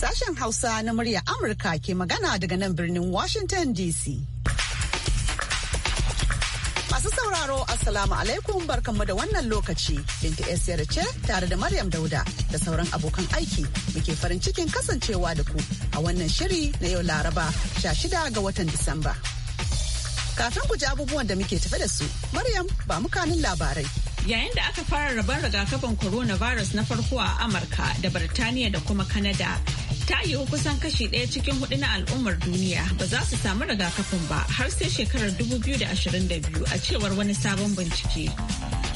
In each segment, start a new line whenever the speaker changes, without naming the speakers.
Sashen Hausa na murya Amurka ke magana daga nan birnin Washington DC. Masu sauraro Assalamu alaikum barkanmu da wannan lokaci. Binta Esiyar ce tare da Maryam Dauda da sauran abokan aiki muke farin cikin kasancewa da ku a wannan shiri na yau Laraba 16 ga watan Disamba. Kafin ku ji abubuwan da muke tafe da su, Maryam ba mukanin labarai.
yayin da aka fara rabar rigakafin coronavirus na farko a amurka da birtaniya da kuma kanada ta yiwu kusan kashi ɗaya cikin hudu na al'ummar duniya ba za su samu rigakafin ba har sai shekarar 2022 a cewar wani sabon bincike.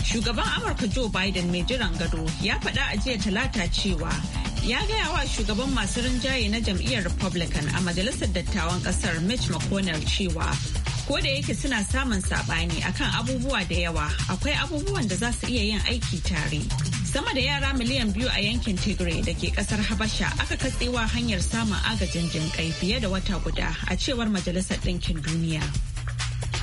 Shugaban Amurka Joe Biden mai jiran gado ya faɗa a jiya talata cewa ya gaya wa shugaban masu rinjaye na jam'iyyar Republican a majalisar dattawan ƙasar Mitch McConnell cewa ko da yake suna samun saɓani akan abubuwa da yawa akwai abubuwan da za su iya yin aiki tare. sama da yara miliyan biyu a yankin tigray da ke kasar habasha aka katsewa hanyar samun agajin jinkai fiye da wata guda a cewar majalisar ɗinkin duniya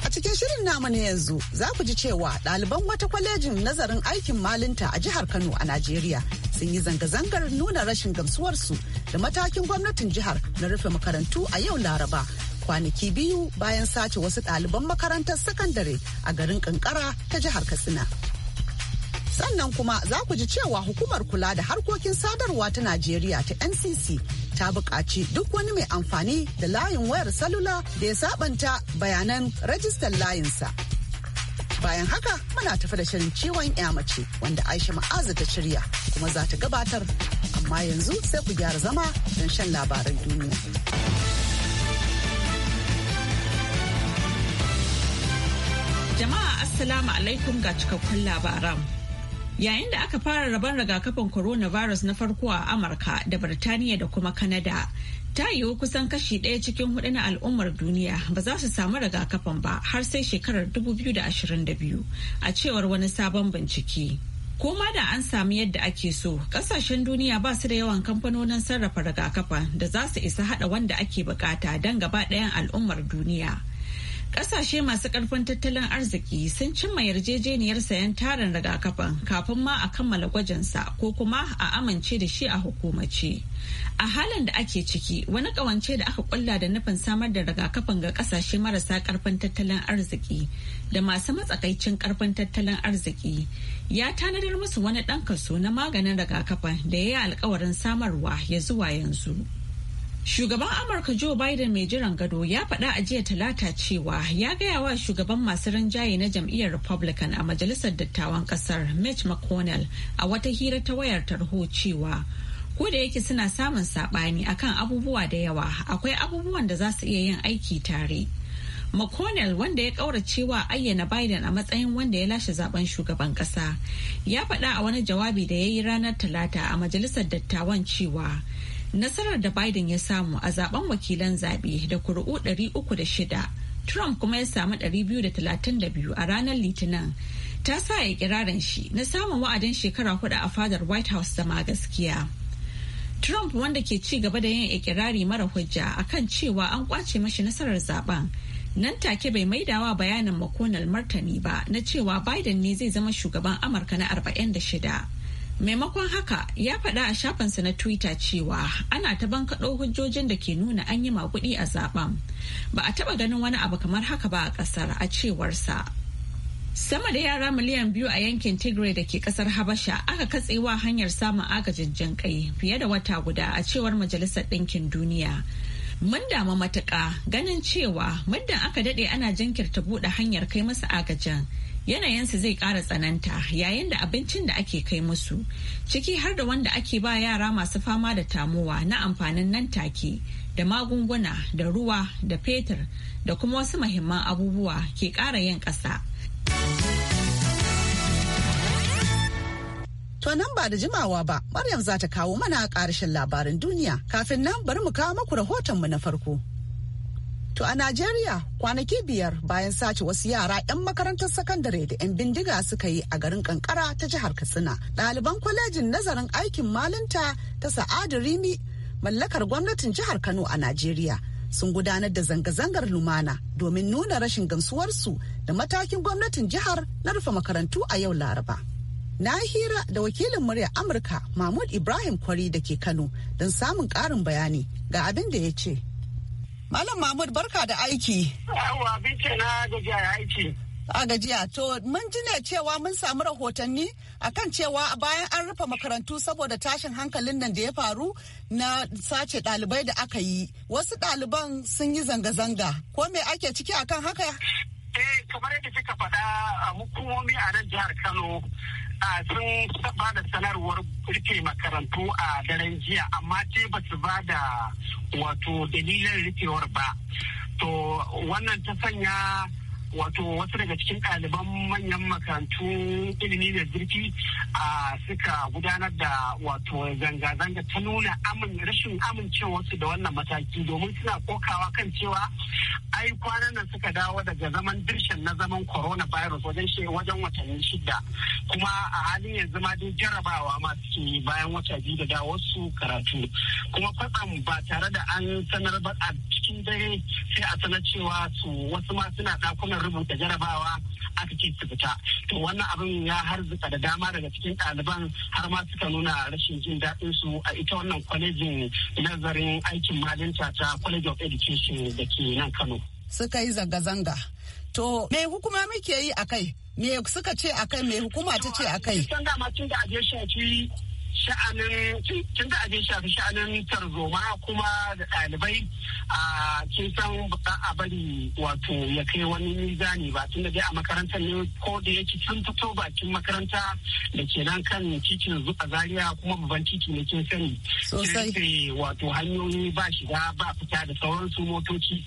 a cikin shirin namu na yanzu za ku ji cewa ɗaliban wata kwalejin nazarin aikin malinta a jihar kano a najeriya sun yi zanga-zangar nuna rashin gamsuwarsu da matakin gwamnatin jihar na rufe makarantu a yau laraba kwanaki biyu bayan sace wasu ɗaliban makarantar sakandare a garin kankara ta jihar katsina Sannan kuma za ku ji cewa hukumar kula da harkokin sadarwa ta Najeriya ta NCC ta buƙaci duk wani mai amfani da layin wayar salula da ya sabanta bayanan rajistar layinsa. Bayan haka muna tafi da shirin ciwon mace wanda Aisha Ma'aza ta shirya kuma za ta gabatar amma yanzu sai ku gyara zama don shan labaran duniya.
Jama'a Assalamu alaikum ga cikakkun labaran. Yayin da aka fara rabon rigakafin coronavirus na farko a Amurka da Birtaniya da kuma Kanada, ta yiwu kusan kashi ɗaya cikin hudu na al'ummar duniya ba za su samu rigakafin ba har sai shekarar 2022 a cewar wani sabon bincike. Koma da an sami yadda ake so, kasashen duniya ba su da yawan kamfanonin sarrafa rigakafan da za su isa hada wanda ake bukata don gaba ɗayan al'ummar duniya. Kasashe masu ƙarfin tattalin arziki sun cimma yarjejeniyar sayan tarin rigakafin kafin ma a kammala gwajinsa ko kuma a amince da shi a hukumace. A halin da ake ciki, wani ƙawance da aka kulla da nufin samar da rigakafin ga kasashe marasa ƙarfin tattalin arziki da masu matsakaicin karfin tattalin arziki ya tanadar musu wani ɗan kaso na maganin rigakafin da ya yi alkawarin samarwa ya zuwa yanzu. Shugaban Amurka Joe Biden mai jiran gado ya faɗa a jiya talata cewa ya gaya wa shugaban masu rinjaye na jam'iyyar Republican a majalisar dattawan ƙasar Mitch McConnell a wata hira ta wayar tarho cewa ko da yake suna samun saɓani akan abubuwa da yawa akwai abubuwan da za su iya yin aiki tare. McConnell wanda ya ƙaurace wa ayyana Biden a matsayin wanda ya lashe zaben shugaban kasa ya faɗa a wani jawabi da ya yi ranar talata a majalisar dattawan cewa Nasarar da Biden ya samu a zaben wakilan zaɓe da kuri'u 306, Trump kuma ya samu 232 a ranar Litinin. Ta sa ya kirarin shi na samun wa'adin shekara hudu a fadar White House zama gaskiya. Trump wanda ke ci gaba da yin ikirari mara hujja akan cewa an kwace mashi nasarar zaben nan take bai maidawa bayanin makonal martani ba na cewa Biden ne zai zama shugaban Amurka na 46. maimakon haka ya faɗa a shafinsa na twitter cewa ana ta bankaɗo hujjojin da ke nuna an yi maguɗi a zaben ba a taɓa ganin wani abu kamar haka ba a ƙasar a cewarsa sama da yara miliyan biyu a yankin tigray da ke ƙasar habasha aka katsewa hanyar samun agajin jin kai fiye da wata guda a cewar majalisar ɗinkin duniya mun damu matuƙa ganin cewa muddin aka daɗe ana jinkirta buɗe hanyar kai masa agajin yanayinsu zai ƙara tsananta yayin da abincin da ake kai musu ciki har da wanda ake ba yara masu fama da tamowa na amfanin nan take da magunguna da ruwa da fetur da kuma wasu mahimman abubuwa ke ƙara yin ƙasa.
To nan ba da jimawa ba, Maryam za ta kawo mana ƙarshen labarin duniya kafin nan bari mu kawo maku rahotonmu na farko. To a Najeriya kwanaki biyar bayan sace wasu yara 'yan makarantar sakandare da 'yan bindiga suka yi a garin kankara ta jihar Katsina. Ɗaliban kwalejin nazarin aikin malinta ta Sa'adu Rimi mallakar gwamnatin jihar Kano a Najeriya sun gudanar da zanga-zangar lumana domin nuna rashin gamsuwarsu da matakin gwamnatin jihar na rufe makarantu a yau Laraba. Na hira da wakilin murya Amurka Mahmud Ibrahim Kwari da ke Kano don samun ƙarin bayani ga abin da ya ce. Malam Mahmud barka da aiki.
Yawwa bice na gajiya aiki.
A gajiya to mun ji ne cewa mun samu rahotanni akan cewa bayan an rufe makarantu saboda tashin hankalin nan da ya faru na sace ɗalibai da aka yi. Wasu ɗaliban sun yi zanga-zanga. Ko me ake ciki
akan haka? Eh kamar yadda kika faɗa a hukumomi a nan jihar Kano sun saba da sanarwar rufe makarantu a daren jiya amma dai ba su ba da wato dalilin rufewar ba to wannan ta sanya wato wasu daga cikin ɗaliban manyan makarantu ilimi da zirki a suka gudanar da wato zanga-zanga ta nuna rashin amincewarsu da wannan mataki domin suna kokawa kan cewa ai kwanan nan suka dawo daga zaman dirshan na zaman coronavirus wajen wajen watanni shida kuma a halin yanzu ma dai jarabawa ma suke bayan wata biyu da dawo su karatu kuma kwatsam ba tare da an sanar ba a cikin dare sai a sanar cewa su wasu ma suna ɗakunan wajen rubuta jarabawa aka ce su fita to wannan abin ya harzuka da dama daga cikin ɗaliban har ma suka nuna rashin jin daɗin su a ita wannan kwalejin nazarin aikin malinta ta college of education da ke nan kano
suka yi zanga-zanga to me hukuma muke yi a me suka ce a me hukuma ta ce a
sha'anin tun da abin shafi sha'anin tarzoma kuma da ɗalibai a kin san ba a bari wato ya kai wani mizani ba tun da dai a makarantar ne ko da yake sun fito bakin makaranta da ke nan kan titin zuwa zaria kuma babban titi ne kin sani sosai wato hanyoyi ba shiga ba fita da sauransu motoci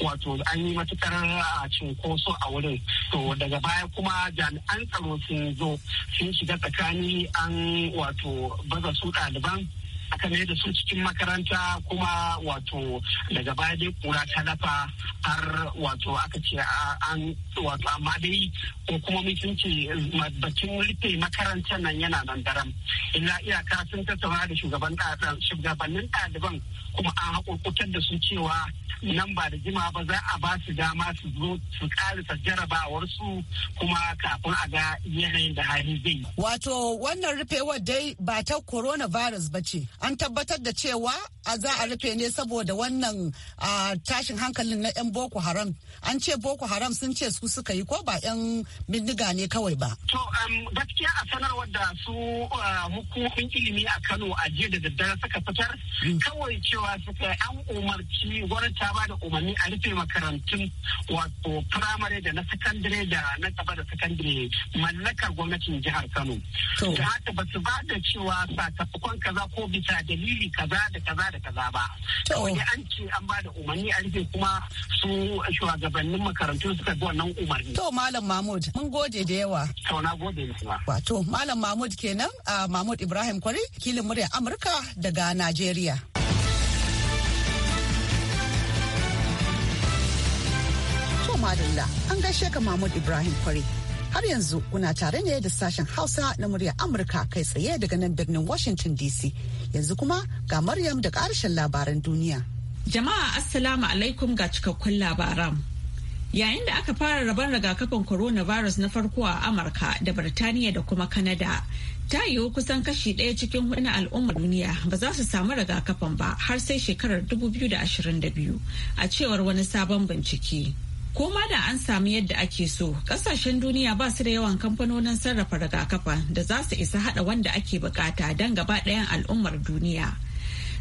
wato an yi matukar a cinkoso a wurin to daga baya kuma jami'an tsaro sun zo sun shiga tsakani an wato wato baza su ɗaliban aka mai da su cikin makaranta kuma wato daga baya dai kura ta dafa har wato aka ce an wato amma dai ko kuma mutunci ce bakin rufe makarantar nan yana nan daram illa iyaka sun tattauna da shugaban shugabannin ɗaliban kuma an haƙurƙutar da su cewa nan ba da jima ba za a ba su dama su zo su karisa jarabawarsu kuma kafin a ga yanayin da hali zai.
Wato wannan rufewar dai ba ta coronavirus ba ce. an tabbatar da cewa a za a rufe ne saboda wannan tashin hankalin na 'yan boko haram an ce boko haram sun ce su suka yi ko ba 'yan bindiga ne kawai ba
to um, gaskiya a sanarwar da su uh, hukumin ilimi a kano a jiya da daddare suka fitar hmm. kawai cewa suka an umarci wani ta ba da umarni a rufe makarantun wato firamare da na sakandare da na gaba da sakandare mallakar gwamnatin jihar kano da haka ba su ba da cewa sakamakon kaza ko bisa dalili kaza da kaza da kaza ba kawai an ce an ba da umarni a rufe kuma su shugabannin makarantu suka bi wannan umarni to malam mahmud mun
gode da yawa to na gode wato malam mahmud kenan a mahmud ibrahim kwari kilin murya amurka daga najeriya madalla an gaishe ka mahmud ibrahim kwari har yanzu kuna tare ne da sashen hausa na murya amurka kai tsaye daga nan birnin washington dc Yanzu kuma ga Maryam
da ƙarshen labaran duniya. Jama'a Assalamu alaikum ga cikakkun labaran. Yayin da aka fara rabon rigakafin coronavirus na farko a Amurka da Birtaniya da kuma Kanada, ta yiwu kusan kashi ɗaya cikin hudu na al'ummar duniya ba za su samu rigakafin ba har sai shekarar 2022 a cewar wani sabon bincike. Koma da an sami yadda ake so, kasashen duniya ba su da yawan kamfanonin sarrafa rigakafa da za su isa hada wanda ake bukata don gaba ɗayan al'ummar duniya.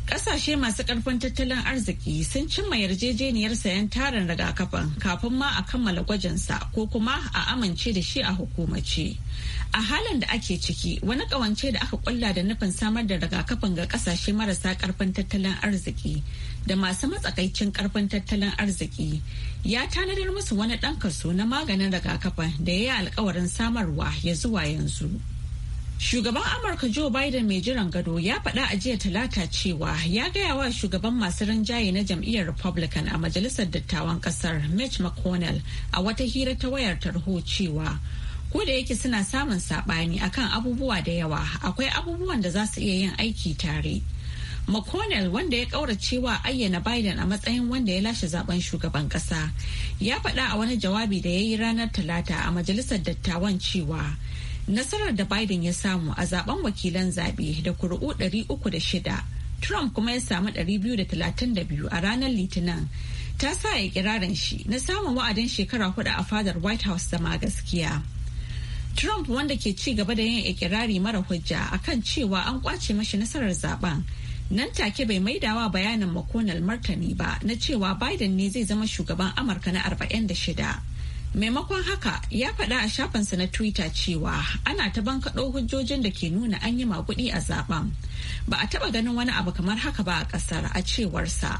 Ƙasashe masu ƙarfin tattalin arziki sun cimma yarjejeniyar sayan tarin rigakafin kafin ma a kammala gwajinsa ko kuma a amince da shi a hukumace. A halin da ake ciki, wani ƙawance da aka ƙulla da nufin samar da rigakafin ga ƙasashe marasa ƙarfin tattalin arziki da masu matsakaicin ƙarfin tattalin arziki ya tanadar musu wani ɗan kaso na maganin rigakafin da ya yi alkawarin samarwa ya zuwa yanzu. Shugaban Amurka Joe Biden mai jiran gado ya faɗa a jiya talata cewa ya gaya wa shugaban masu rinjaye na jam'iyyar Republican a majalisar dattawan ƙasar Mitch McConnell a wata hira ta wayar tarho cewa ko da yake suna samun saɓani akan abubuwa da yawa akwai abubuwan da za su iya yin aiki tare. McConnell wanda ya kauracewa ayyana Biden a matsayin wanda ya lashe zaben shugaban kasa ya faɗa a wani jawabi da ya yi ranar talata a majalisar dattawan cewa Nasarar da Biden ya samu a zaben wakilan zabe da kuri'u 306, Trump kuma ya samu 232 a ranar Litinin. Ta sa ya kirarin shi na samun wa'adin shekara hudu a fadar White House zama gaskiya. Trump wanda ke ci gaba da yin ikirari mara hujja akan cewa an kwace mashi nasarar zaben. nan take bai maidawa bayanin makonal martani ba na cewa Biden ne zai zama shugaban Amurka na 46. maimakon haka ya faɗa a shafinsa na twitter cewa ana ta bankaɗo hujjojin da ke nuna an yi maguɗi a zaben ba a taɓa ganin wani abu kamar haka ba a ƙasar a cewarsa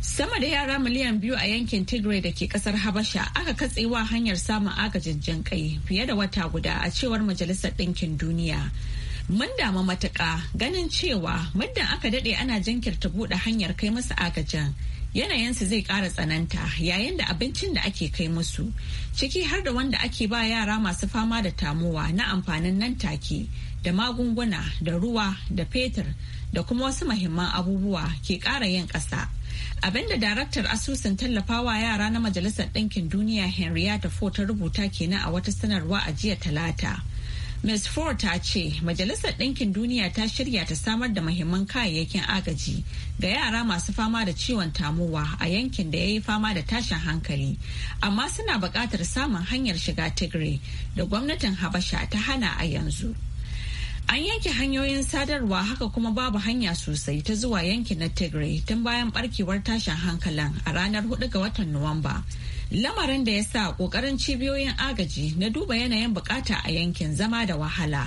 sama da yara miliyan biyu a yankin tigray da ke ƙasar habasha aka katse wa hanyar samun agajin kai fiye da wata guda a cewar majalisar ɗinkin duniya mun damu matuƙa ganin cewa muddin aka daɗe ana jinkirta buɗe hanyar kai masa agajin yanayinsu zai ƙara tsananta yayin da abincin da ake kai musu ciki har da wanda ake ba yara masu fama da tamowa na amfanin nan take da magunguna da ruwa da fetur da kuma wasu mahimman abubuwa ke ƙara yin ƙasa abinda daraktar asusun tallafawa yara na majalisar ɗinkin duniya henrietta ford ta rubuta kenan a wata sanarwa a jiya talata Ms. Ford ta ce Majalisar Ɗinkin Duniya ta shirya ta samar da mahimman kayayyakin agaji ga yara masu fama da ciwon tamowa a yankin da ya yi fama da tashin hankali, amma suna buƙatar samun hanyar shiga Tigray da gwamnatin Habasha ta hana a yanzu. An yanke hanyoyin sadarwa haka kuma babu hanya sosai ta zuwa yankin na Tigray tun bayan barkewar tashin hankalin a ranar 4 ga watan Nuwamba. lamarin da ya sa ƙoƙarin cibiyoyin agaji na duba yanayin bukata a yankin zama da wahala.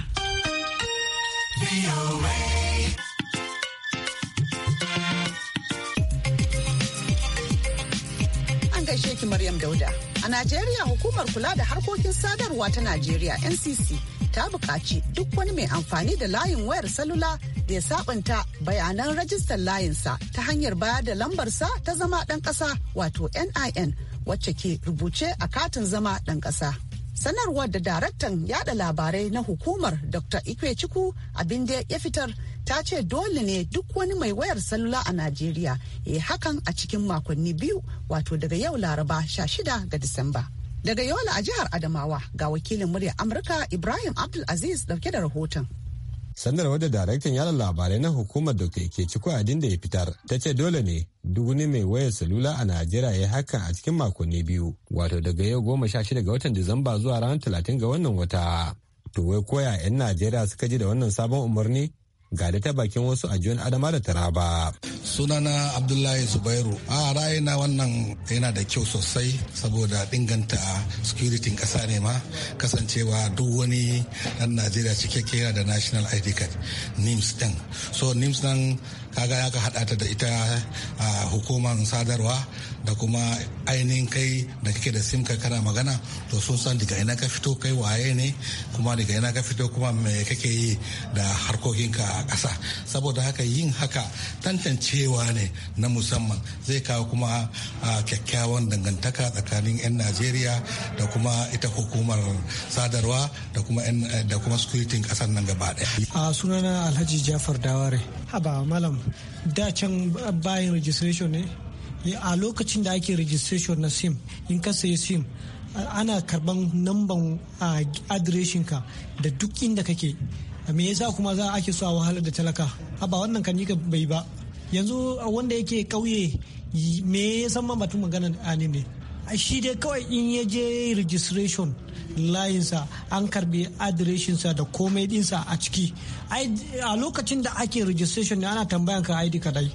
An gaishe ki Maryam Dauda. A Najeriya hukumar kula da harkokin sadarwa ta Najeriya NCC ta buƙaci duk wani mai amfani da layin wayar salula da ya sabunta bayanan rajistar layinsa ta hanyar bayar da lambarsa ta zama ɗan ƙasa wato NIN. wacce ke rubuce a katin zama ɗan ƙasa. sanarwar da daraktan yada labarai na hukumar dr ikwe ciku abinda ya fitar ta ce dole ne duk wani mai wayar salula a najeriya ya hakan a cikin makonni biyu wato daga yau laraba 16 ga disamba daga yola a jihar adamawa ga wakilin murya amurka ibrahim abdulaziz dauke da rahoton
sanarwar da daraktan yada labarai na hukumar da ke ciko adin da ya fitar ta ce dole ne duk mai wayar salula a najeriya ya hakan a cikin makonni biyu wato daga yau goma sha shida ga watan disamba zuwa ranar talatin ga wannan wata to wai koya 'yan najeriya suka ji da wannan sabon umarni ga da ta bakin wasu a jiyon adama da taraba. sunana abdullahi zubairu a ra'ayina wannan yana da kyau sosai saboda inganta security kasa ne ma kasancewa duk wani dan najeriya cike yana da national id card nims din so nims nan kaga ya ka hada ta da ita a hukumar sadarwa da kuma ainihin kai da kake da sim ka kana magana to sun san daga ina ka fito kai waye ne kuma daga ina ka fito kuma me kake yi da harkokinka a kasa saboda haka yin haka tantancewa ne na musamman zai kawo kuma a kyakkyawan dangantaka tsakanin 'yan najeriya da kuma ita hukumar sadarwa da kuma da kuma security ƙasar nan gaba ɗaya.
a sunana alhaji jafar daware haba malam da can bayan registration ne a lokacin da ake registration na sim in ka sayi sim ana karban namban ka da duk inda kake me yasa kuma za ake so a wahalar da talaka ba wannan kan yi bai ba yanzu wanda yake kauye me ya san ma batun magana a ne shi dai kawai in ya je registration layinsa an karbi adireshinsa da komai dinsa a ciki a lokacin da ake registration ne ana tambayan ka id kadai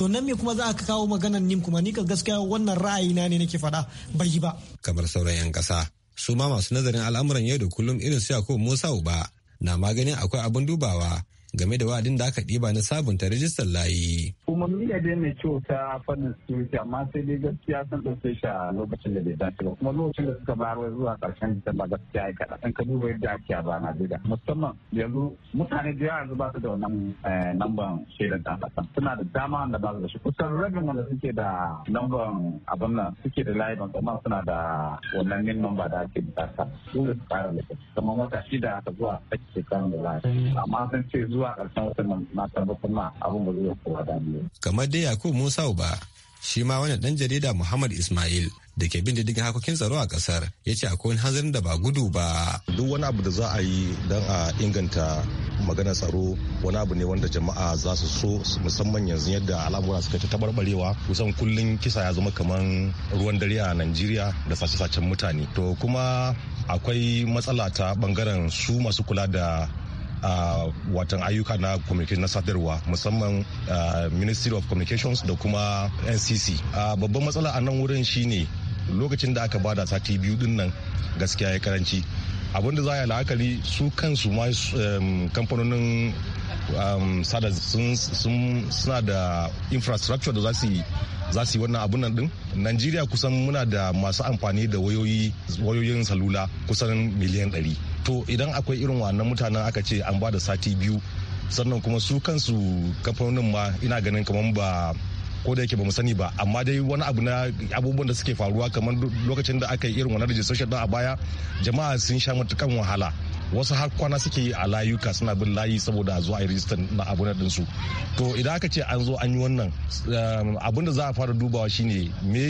to nan me kuma za a kawo maganan nim kuma ni ka gaskiya wannan ra'ayi na ne nake faɗa bai yi
ba kamar sauran yan kasa su ma masu nazarin al'amuran yau da kullum irin su Yakubu Musa Uba na maganin akwai abin dubawa game da wa'adin da aka ɗiba na sabunta rajistar layi.
Umarni da dai mai kyau ta fannin security amma sai dai gaskiya sun ɗauke shi a lokacin da bai dace ba kuma lokacin da suka bayar wai zuwa ƙarshen ba gaskiya ya kaɗa ɗan ka duba yadda ake a bana Najeriya musamman yanzu mutane da yawa ba su da wannan eh, lambar shaidar ɗan ƙasa suna da dama wanda ba su da shi kusan rabin wanda suke da lambar abin nan suke da layi ban kuma suna da wannan nin lamba da ake bukata dole su ƙara lokaci kamar wata shida ta zuwa ake kan da layi amma sun ce zuwa zuwa karshen watan na tabbatar ma abin ba zai kowa dami.
Kamar dai Yakubu Musa Uba shi ma wani dan jarida Muhammad Ismail da ke bin diddigin harkokin tsaro a kasar ya ce akwai wani hanzarin da ba gudu ba.
Duk wani abu da za a yi don a inganta maganar tsaro wani abu ne wanda jama'a za su so musamman yanzu yadda al'amura suka ta tabarbarewa kusan kullum kisa ya zama kamar ruwan dare a Najeriya da sace-sacen mutane. To kuma akwai matsala ta bangaren su masu kula da watan ayyuka na na sadarwa musamman ministry of communications da kuma ncc babban matsala a nan wurin shine lokacin da aka bada sati biyu din nan gaskiya ya karanci abinda za a yi la'akari su kansu ma kamfanonin sada suna da infrastructure da za su za su yi wannan abun nan din najeriya kusan muna da masu amfani da wayoyin salula kusan miliyan 100 to idan akwai irin wannan mutanen aka ce an ba da sati biyu sannan kuma su kansu kamfanonin ma ina ganin kamar ba ko da yake ba sani ba amma dai wani abu na abubuwan da suke faruwa kamar lokacin da aka yi irin wani rijistar din a baya jama'a sun sha matukan wahala wasu har kwana suke yi a layuka suna bin layi saboda zuwa a yi rijistar na abu na dinsu to idan aka ce an zo an yi wannan eh, abin da za a fara dubawa shine me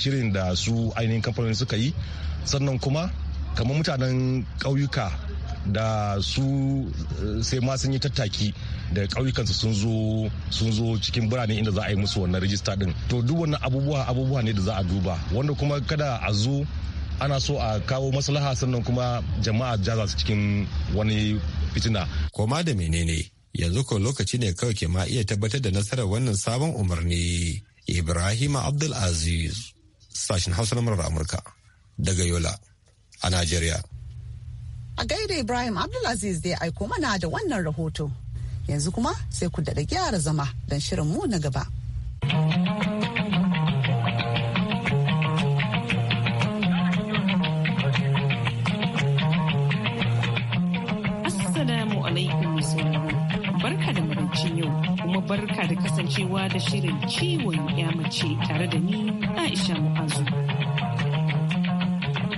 shirin da su ainihin kamfanin suka yi sannan kuma kamar mutanen ƙauyuka da su eh, sai ma sun yi tattaki da ƙauyukansu sun zo cikin birane inda za a yi musu wannan rijista din to duk wannan abubuwa abubuwa ne da za a duba wanda kuma kada a zo ana so a kawo maslaha sannan kuma jama'a jaza su cikin wani fitina koma da menene yanzu ko lokaci ne kawai ke ma iya tabbatar da nasarar
wannan sabon umarni ibrahim abdulaziz sashen hausa na murar amurka daga yola a Najeriya.
A gaida Ibrahim Abdulaziz da aiko mana da wannan rahoto. Yanzu kuma sai ku daɗa gyara zama don shirin mu na gaba.
Assalamu alaikum barka da maraicin yau kuma barka da kasancewa da shirin ciwon ya mace tare da ni Aisha Mu'azu.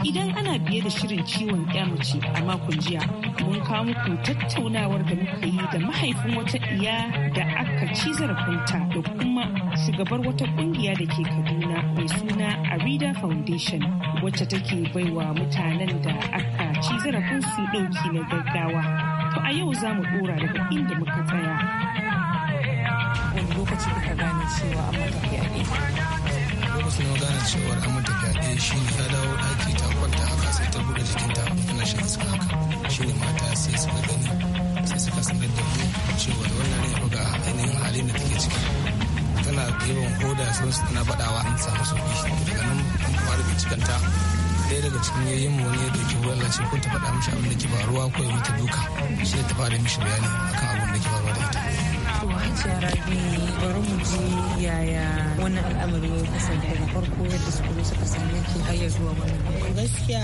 Idan ana biye da shirin ciwon mace a makon jiya, mun kawo muku tattaunawar da muka yi da mahaifin wata iya da aka ci zarafinta da kuma shugabar wata kungiya da ke Kaduna mai suna Arida Foundation wacce take baiwa mutanen da aka ci zarafin su ɗauki na gaggawa. To a yau za mu ɗora daga inda muka tsaya. Wani lokaci kuka gane cewa a matafiya ne sai magana gane cewa an fyaɗe shi
ne ya dawo ɗaki ta kwanta haka sai ta buɗe jikinta tana shan iska haka shi ne mata sai suka gani sai suka sanar da ku cewa wannan ne ga ainihin halin da take ciki tana yawan hoda sun su tana faɗawa an samu sauki daga nan an fara cikinta ɗaya daga cikin yayin mu ne da ke wurin lace ko ta faɗa mishi abin da ke faruwa ko ya mutu duka shi ta fara mishi bayani akan abin da ke faruwa da ita
cewa rabi bari mu ji yaya wannan al'amari ya kasance daga farko yadda suka suka same ki har ya zuwa wannan
gaskiya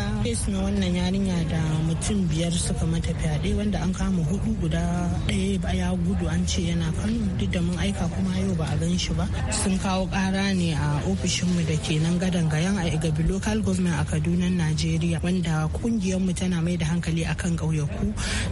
na wannan yarinya da mutum biyar suka mata fyaɗe wanda an kama hudu guda ɗaya ba ya gudu an ce yana kano duk da mun aika kuma yau ba a gan shi ba sun kawo ƙara ne a ofishinmu da ke nan gadan gayan a igabi local government a kaduna najeriya wanda mu tana mai da hankali akan ƙauyaku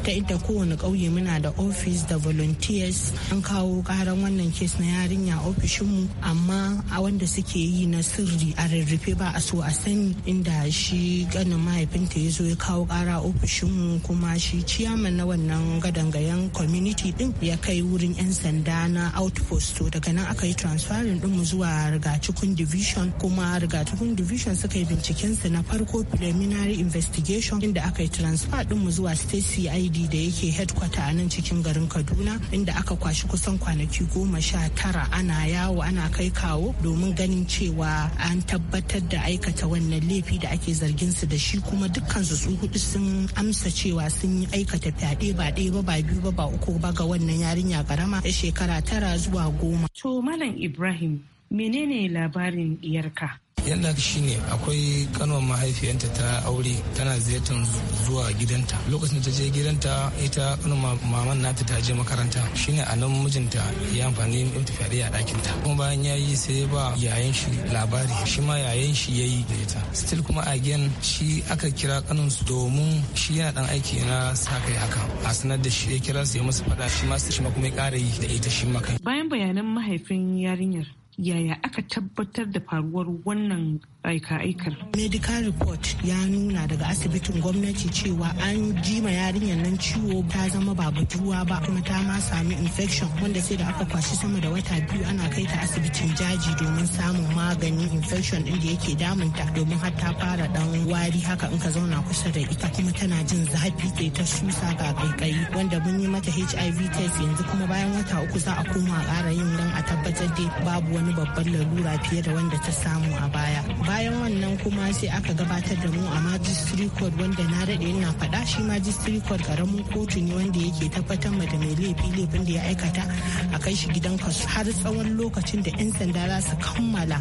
ta inda kowane ƙauye muna da ofis da volunteers an kawo kawo karan wannan kes na yarinya ofishinmu amma a wanda suke yi na sirri a rarrafe ba a so a sani inda shi ganin mahaifinta ya zo ya kawo kara ofishinmu kuma shi ciyaman na wannan gadangayen community din ya kai wurin 'yan sanda na outpost to daga nan aka yi transferin mu zuwa rigacikun division kuma rigacikun division suka yi binciken bincikensa na farko preliminary investigation inda aka yi transfer mu zuwa state cid da yake headquarter a nan cikin garin kaduna inda aka kwashi kusan kwanaki goma sha tara ana yawo ana kai kawo domin ganin cewa an tabbatar da aikata wannan laifi da ake zargin su da shi kuma dukkan su sun hudu sun amsa cewa sun yi aikata fyaɗe ba ɗaya ba ba biyu ba ba uku ba ga wannan yarinya ya shekara tara zuwa goma.
To Malam Ibrahim menene labarin iyarka?
shi shine akwai kanuwar mahaifiyanta ta aure tana ziyartar zuwa gidanta lokacin da ta je gidanta ita kanuwar maman nata ta je makaranta shine a nan mijinta ya amfani da fyaɗe a ɗakin kuma bayan ya yi sai ba yayan shi labari shi ma yayan shi ya yi da ita still kuma again shi aka kira kanun su domin shi yana dan aiki na sa kai haka a sanar da shi ya kira su ya masa faɗa shi ma shi kuma ya ƙara yi da ita shi ma kai
bayan bayanan mahaifin yarinyar yaya aka tabbatar da faruwar wannan aika-aikar.
medical report ya nuna daga asibitin gwamnati cewa an ji ma yarinyar nan ciwo ta zama ba batuwa ba kuma ta ma sami infection wanda sai da aka kwashi sama da wata biyu ana kai ta asibitin jaji domin samun maganin infection din da yake damunta domin har ta fara dan wari haka in ka zauna kusa da ita kuma tana jin zafi sai ta susa ga kaikayi wanda mun yi mata hiv test yanzu kuma bayan wata uku za a koma a ƙara yin don a tabbatar da babu wani babban lalura fiye da wanda ta samu a baya bayan wannan kuma sai aka gabatar da mu a majistri court wanda na daɗe ina faɗa shi majistri court karamin kotu ne wanda yake tabbatar da mai laifi laifin da ya aikata a kai shi gidan kasu har tsawon lokacin da 'yan sanda za su kammala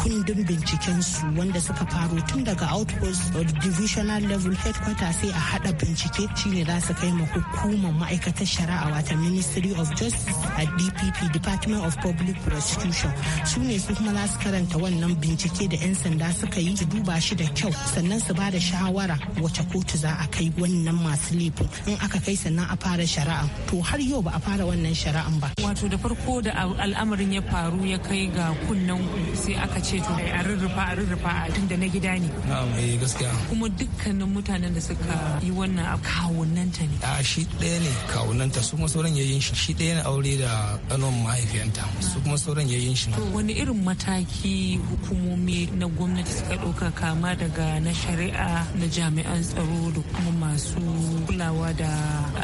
kundin binciken su wanda suka faro tun daga outpost or divisional level headquarter sai a hada bincike ne za su kai ma hukumar ma'aikatar shari'a wata ministry of justice a dpp department of public prosecution su ne su kuma za su karanta wannan bincike da 'yan sanda sanda suka yi su duba shi da kyau sannan su ba da shawara wace kotu za a kai wannan masu laifin in aka kai sannan a fara shari'a to har yau ba a fara wannan shari'an ba
wato da farko da al'amarin ya faru ya kai ga kunnen sai aka ce to a rurrufa a rurrufa a da na gida ne
na'am eh gaskiya
kuma dukkanin mutanen da suka yi wannan a kawunanta ne
a shi ɗaya ne kawunanta su kuma sauran yayin shi shi ɗaya ne aure da ƙanon mahaifiyanta su kuma sauran yayin shi
wani irin mataki hukumomi na gwamnati gwamnati suka ɗauka kama daga na shari'a na jami'an tsaro da kuma masu kulawa da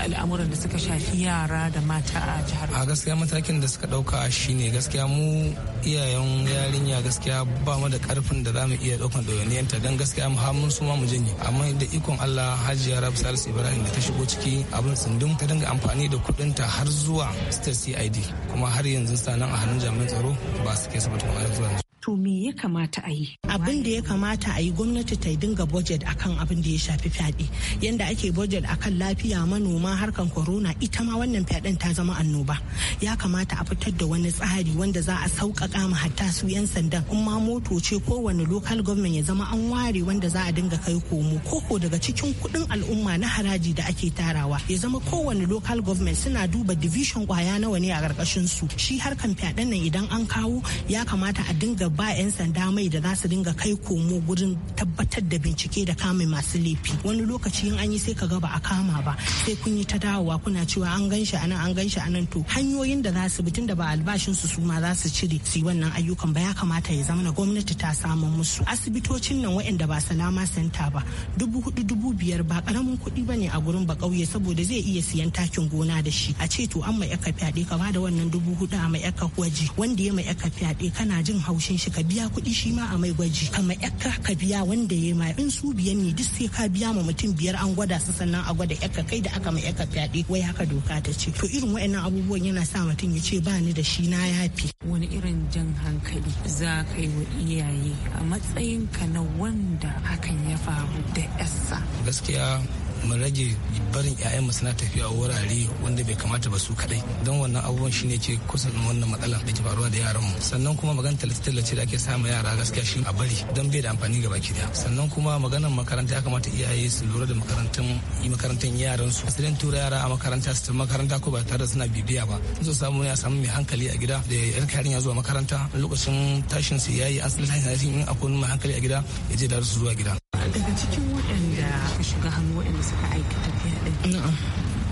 al'amuran da suka shafi yara da mata a jihar.
A gaskiya matakin da suka ɗauka shine gaskiya mu iyayen yarinya gaskiya ba mu da karfin da za mu iya ɗaukan ɗawainiyanta don gaskiya mu mun su ma mu janye amma da ikon Allah Hajiya Rabi Salisu Ibrahim da ta shigo ciki abin tsundun. ta dinga amfani da kuɗinta har zuwa state CID kuma har yanzu sanan a hannun
jami'an tsaro ba su kai su har zuwa
to me ya kamata a yi abin da ya kamata a yi gwamnati ta dinga budget akan abin da ya shafi fyaɗe yanda ake budget akan lafiya manoma harkan corona ita ma wannan fyaɗen ta zama annoba ya kamata a fitar da wani tsari wanda za a sauƙaƙa ma hatta su 'yan sanda kuma ma moto ce kowane local government ya zama an ware wanda za a dinga kai komo koko daga cikin kuɗin al'umma na haraji da ake tarawa ya zama kowane local government suna duba division kwaya nawa ne a ƙarƙashin su shi harkan fyaɗen nan idan an kawo ya kamata a dinga ba 'yan sanda mai da za su dinga kai komo gurin tabbatar da bincike da kame masu laifi wani lokaci in an yi sai ka ga ba a kama ba sai kun yi ta dawowa kuna cewa an gan anan an gan anan to hanyoyin da za su bi da ba albashin su su ma za su cire su yi wannan ayyukan ba ya kamata ya zama na gwamnati ta samu musu asibitocin nan waɗanda ba salama senta ba dubu hudu dubu biyar ba karamin kuɗi ba ne a gurin ba kauye saboda zai iya siyan takin gona da shi a ce to an ma yaka fyaɗe ka ba da wannan dubu hudu a ma yaka waje wanda ya ma yaka fyaɗe kana jin haushin shi ka biya kuɗi shi ma a mai gwaji kama yakka ka biya wanda ya ma in su biyan ne duk sai ka biya ma mutum biyar an gwada su sannan a gwada yakka kai da aka ma yakka fyaɗe wai haka doka ta ce to irin wa'annan abubuwan yana sa mutum ya ce ba ni da shi na yafi
wani irin jan hankali za ka wa iyaye a matsayin ka na wanda hakan ya faru da ƴassa.
gaskiya mu rage barin 'ya'yanmu suna tafiya a wurare wanda bai kamata ba su kadai don wannan abubuwan shine ke kusan wannan matsala da ke faruwa da yaran mu sannan kuma magana tallace-tallace da ake samu yara gaskiya shi a bari don bai da amfani ga baki daya sannan kuma maganar makaranta ya kamata iyaye su lura da makarantun makarantun yaran su asirin tura yara a makaranta su makaranta ko ba tare da suna bibiya ba so samu ya samu mai hankali a gida da yar ya zuwa makaranta lokacin tashin su yayi an san tashin in akwai mai hankali a gida ya je da su zuwa gida
daga cikin waɗannan aka shiga hannu waɗanda suka aikata fyaɗe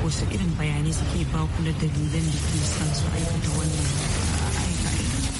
wasu irin bayanai suke ba ku na dalilan da ke sa su aikata wannan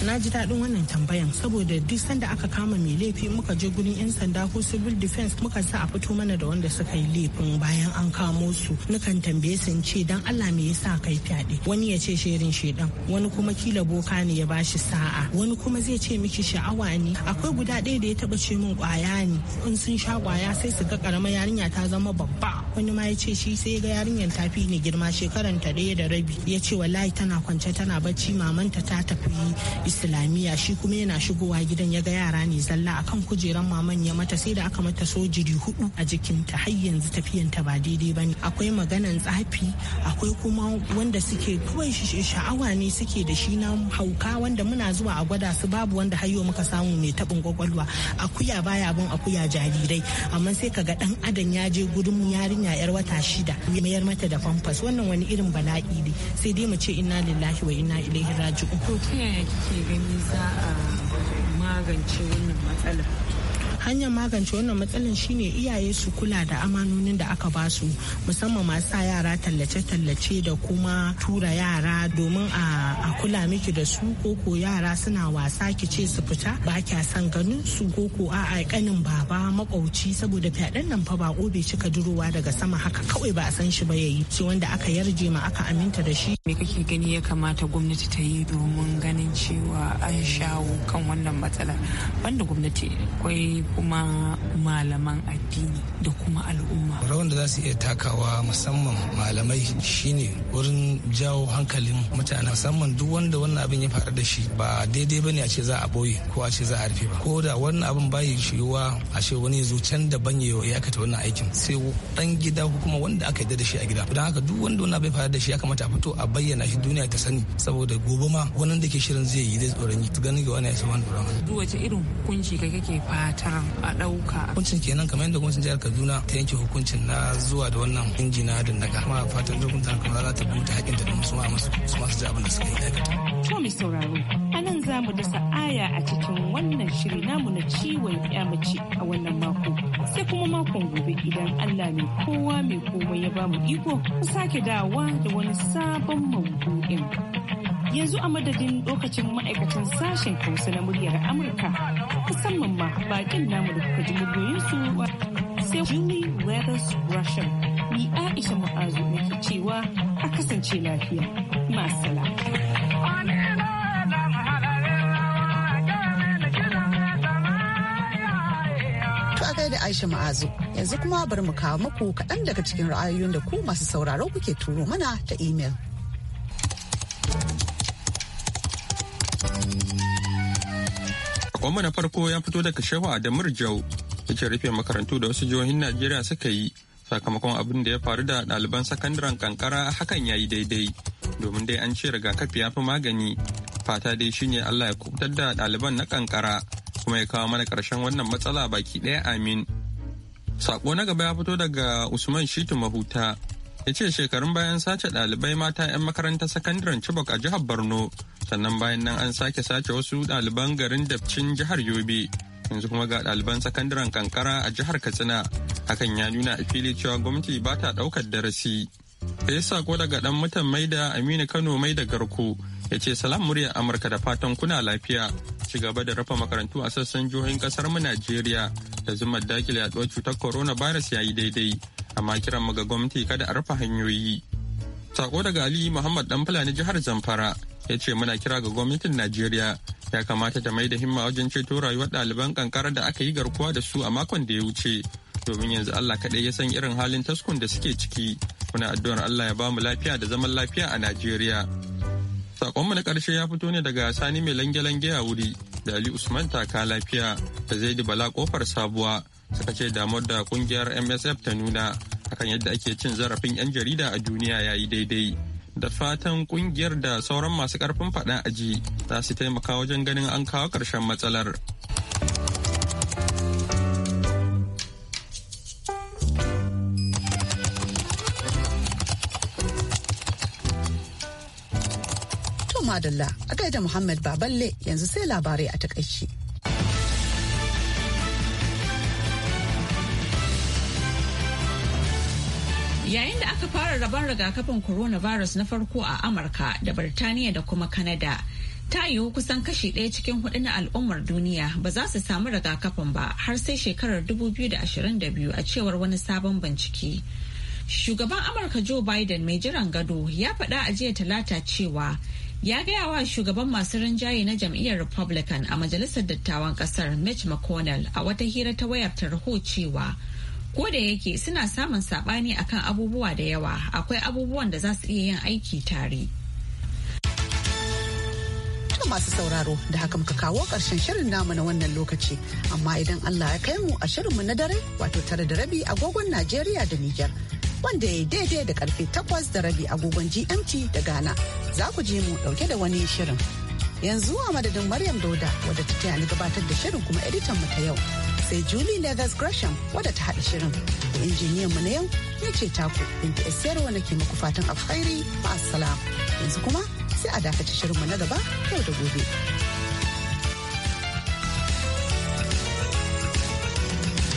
na ji daɗin wannan tambayan saboda duk sanda aka kama mai laifi muka je gurin 'yan sanda ko civil defense muka sa a fito mana da wanda suka yi laifin bayan an kamo su nukan tambaye su ce dan Allah me yasa kai fyaɗe wani ya ce shirin shedan wani kuma kila boka ne ya bashi sa'a wani kuma zai ce miki sha'awa ne akwai guda ɗaya da ya taɓa ce min kwaya ne in sun sha kwaya sai su ga ƙaramin yarinya ta zama babba wani ma ya ce shi sai ga yarinyar ta fi ni girma shekaran ta ɗaya da rabi ya ce wallahi tana kwance tana bacci mamanta ta tafi islamiyya shi kuma yana shigowa gidan ya ga yara ne zalla akan kujeran maman ya mata sai da aka mata sojiri hudu a jikinta har yanzu tafiyanta ba daidai bane akwai maganan tsafi akwai kuma wanda suke kawai sha'awa ne suke da shi na hauka wanda muna zuwa a gwada su babu wanda hayo muka samu mai tabin kwakwalwa akuya baya bin akuya jarirai amma sai ka ga dan adam ya je gudun yarinya yar wata shida ya mayar mata da famfas wannan wani irin bala'i ne sai dai mu ce inna lillahi wa inna ilaihi raji'un ko kike
kake gani za a magance wannan matsala?
hanyar magance wannan matsalar shine iyaye su kula da amanonin da aka ba su musamman masu yara tallace-tallace da kuma tura yara domin a kula miki da su koko yara suna wasa ki ce su fita ba kya san ganin su koko a kanin baba makwauci saboda fyaɗen nan fa ba bai cika durowa daga sama haka kawai ba a san shi ba yayi ce wanda
aka yarje ma aka aminta da shi me kake gani ya kamata gwamnati ta yi domin ganin cewa an shawo kan wannan matsala wanda gwamnati akwai kuma malaman addini da kuma al'umma.
Rawan da za su iya takawa musamman malamai shine wurin jawo hankalin mutane musamman duk wanda wannan abin ya faru da shi ba daidai bane a ce za a boye ko a ce za a rufe ba. Ko da wannan abin bayi yiwuwa a ce wani zo can da ban ya aikata wannan aikin sai dan gida ko kuma wanda aka yadda da shi a gida. Don haka duk wanda wannan abin faru da shi ya kamata a fito a bayyana shi duniya ta sani saboda gobe ma wannan da ke shirin zai yi zai tsoron yi ganin ga wani ya san wani tsoron.
Duk wace irin kunci kai kake fatar a ɗauka.
Hukuncin kenan kamar yadda gwamnatin jihar Kaduna ta yanke hukuncin na zuwa da wannan injina da daga kuma fatan jirgin ta Kaduna za ta buɗe hakin da su ma masu su masu ji abin da suka
yi aikata. To mai sauraro a nan za mu dasa aya a cikin wannan shiri namu na ciwon ya mace a wannan mako sai kuma makon gobe idan Allah ne kowa mai komai ya bamu iko ku sake dawa da wani sabon maudu'in. yanzu a madadin lokacin ma'aikatan sashen kansu na muryar amurka musamman ma bakin namu da kuka ji muryoyinsu sai julie weathers russia ni aisha mu'azu nake cewa a kasance lafiya masala
da Aisha Ma'azu. Yanzu kuma bari mu kawo muku kaɗan daga cikin ra'ayoyin da ku masu sauraro kuke turo mana ta imel.
Sakonmu na farko ya fito daga Shehu Adamur Jau da ke rufe makarantu da wasu jihohin Najeriya suka yi sakamakon abin da ya faru da ɗaliban sakandaren kankara hakan ya yi daidai domin dai an ce rigakafi ya fi magani fata dai shine Allah ya kubutar da ɗaliban na kankara kuma ya kawo mana ƙarshen wannan matsala baki ɗaya amin. Sako na gaba ya fito daga Usman Shitu Mahuta ya ce shekarun bayan sace ɗalibai mata 'yan makarantar sakandaren Chibok a jihar Borno sannan bayan nan an sake sace wasu ɗaliban garin dabcin jihar yobe yanzu kuma ga ɗaliban sakandaren kankara a jihar katsina hakan ya nuna a fili cewa gwamnati ba ta ɗaukar darasi da ya sako daga dan mutan maida aminu kano maida garko ya ce salam muryar amurka da fatan kuna lafiya ci gaba da rafa makarantu a sassan jihohin kasar mu najeriya da zumar dakile yaduwar cutar coronavirus ya yi daidai amma kiran mu ga gwamnati kada a rufe hanyoyi sako daga ali muhammad dan fulani jihar zamfara ya ce muna kira ga gwamnatin najeriya ya kamata ta mai da himma wajen ceto rayuwar ɗaliban kankara da aka yi garkuwa da su a makon da ya wuce domin yanzu allah kaɗai ya san irin halin taskun da suke ciki muna addu'ar allah ya bamu lafiya da zaman lafiya a najeriya sakonmu na ƙarshe ya fito ne daga sani mai lange-lange a wuri da ali usman taka lafiya da zaidi bala kofar sabuwa suka ce damar da kungiyar msf ta nuna akan yadda ake cin zarafin 'yan jarida a duniya yayi daidai da fatan kungiyar da sauran masu karfin a ji za su taimaka wajen ganin an kawo ƙarshen matsalar.
To madalla a gaida Muhammad Baballe
yanzu sai labarai a takaici. Yayin da aka fara rabon rigakafin coronavirus na farko a Amurka da Birtaniya da kuma Kanada, ta yiwu kusan kashi ɗaya cikin hudu na al'ummar duniya ba za su samu rigakafin ba har sai shekarar 2022 a cewar wani sabon bincike. Shugaban Amurka Joe Biden mai jiran gado ya faɗa a jiya talata cewa ya gaya wa shugaban masu rinjaye na jam'iyyar Republican a majalisar dattawan kasar Mitch McConnell a wata hira ta wayar tarho cewa Ko da yake suna samun saɓani akan abubuwa da yawa akwai abubuwan da za su iya yin aiki tare. masu sauraro
da haka muka kawo ƙarshen shirin namu na wannan lokaci amma idan Allah ya kai mu a shirinmu na dare wato tare da rabi agogon Najeriya da niger wanda ya daidai da karfe takwas da rabi agogon GMT da Ghana. Za ku ji mu dauke da wani shirin. Yanzu a madadin Maryam Dauda wadda ta gabatar da shirin kuma editan mu ta yau. sai Julie Leathers Gresham wadda ta haɗa shirin. Injiniyan mu na yau ya ce taku Binta Esiyar wanda ke muku fatan alkhairi ma'assalam. Yanzu kuma sai a dakaci shirinmu na gaba yau da gobe.